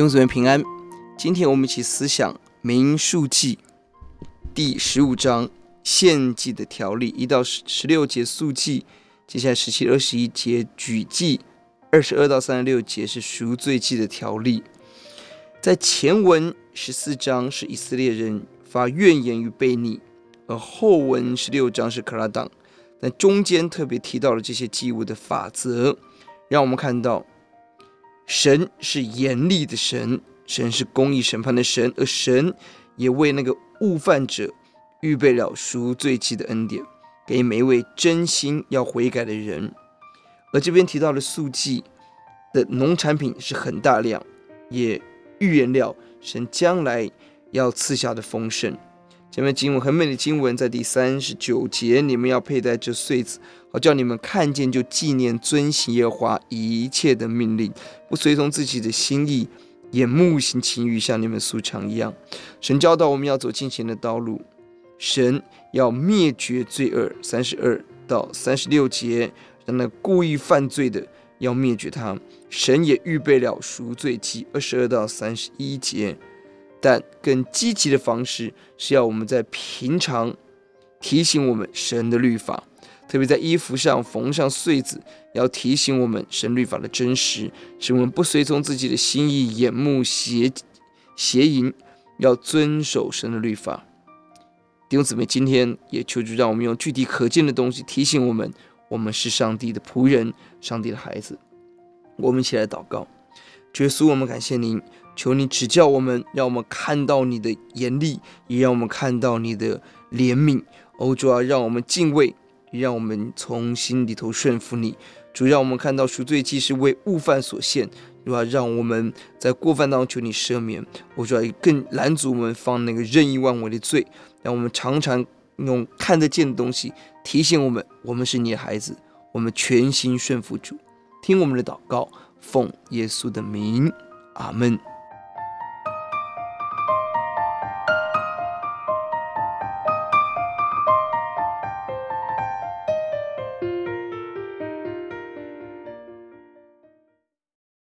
弟兄們平安，今天我們一起思想《民數記》第十五章獻祭的條例一到十十六節素祭，接下來十七二十一節舉祭，二十二到三十六節是贖罪祭的條例。在前文十四章是以色列人發怨言與悖逆，而後文十六章是可拉黨，但中間特別提到了這些祭物的法則，讓我們看到。神是嚴厲的神，神是公義審判的神，而神也為那個誤犯者預備了贖罪祭的恩典，給每一位真心要悔改的人。而這邊提到的素祭的農產品是很大量，也預言了神將來要賜下的豐盛。因為經文很美的經文，在第三十九節，你們要佩戴這繸子，好叫你們看見就紀念遵行耶和華一切的命令，不隨從自己的心意，眼目行情欲，像你們素常一樣。神教導我們要走敬虔的道路，神要滅絕罪惡。三十二到三十六節，讓那故意犯罪的要滅絕它。神也預備了贖罪祭，二十二到三十一節。但更積極的方式是要我們在平常提醒我們神的律法，特別在衣服上縫上繸子，要提醒我們神律法的真實，使我們不隨從自己的心意、眼目、邪、邪淫，要遵守神的律法。弟兄姊妹，今天也求主讓我們用具體可見的東西提醒我們，我們是上帝的僕人，上帝的孩子。我們一起來禱告。耶穌，我們感謝您，求你指教我們，讓我們看到你的嚴厲，也讓我們看到你的憐憫。歐、哦、主啊，讓我們敬畏，讓我們從心裡頭順服你。主，讓我們看到贖罪祭是為誤犯所獻，又讓我們在過犯當中求你赦免。我、哦、主啊，更攔阻我們犯那個任意妄為的罪。讓我們常常用看得見的東西提醒我們，我們是你的孩子，我們全心順服主，聽我們的禱告。奉耶穌的名，阿門。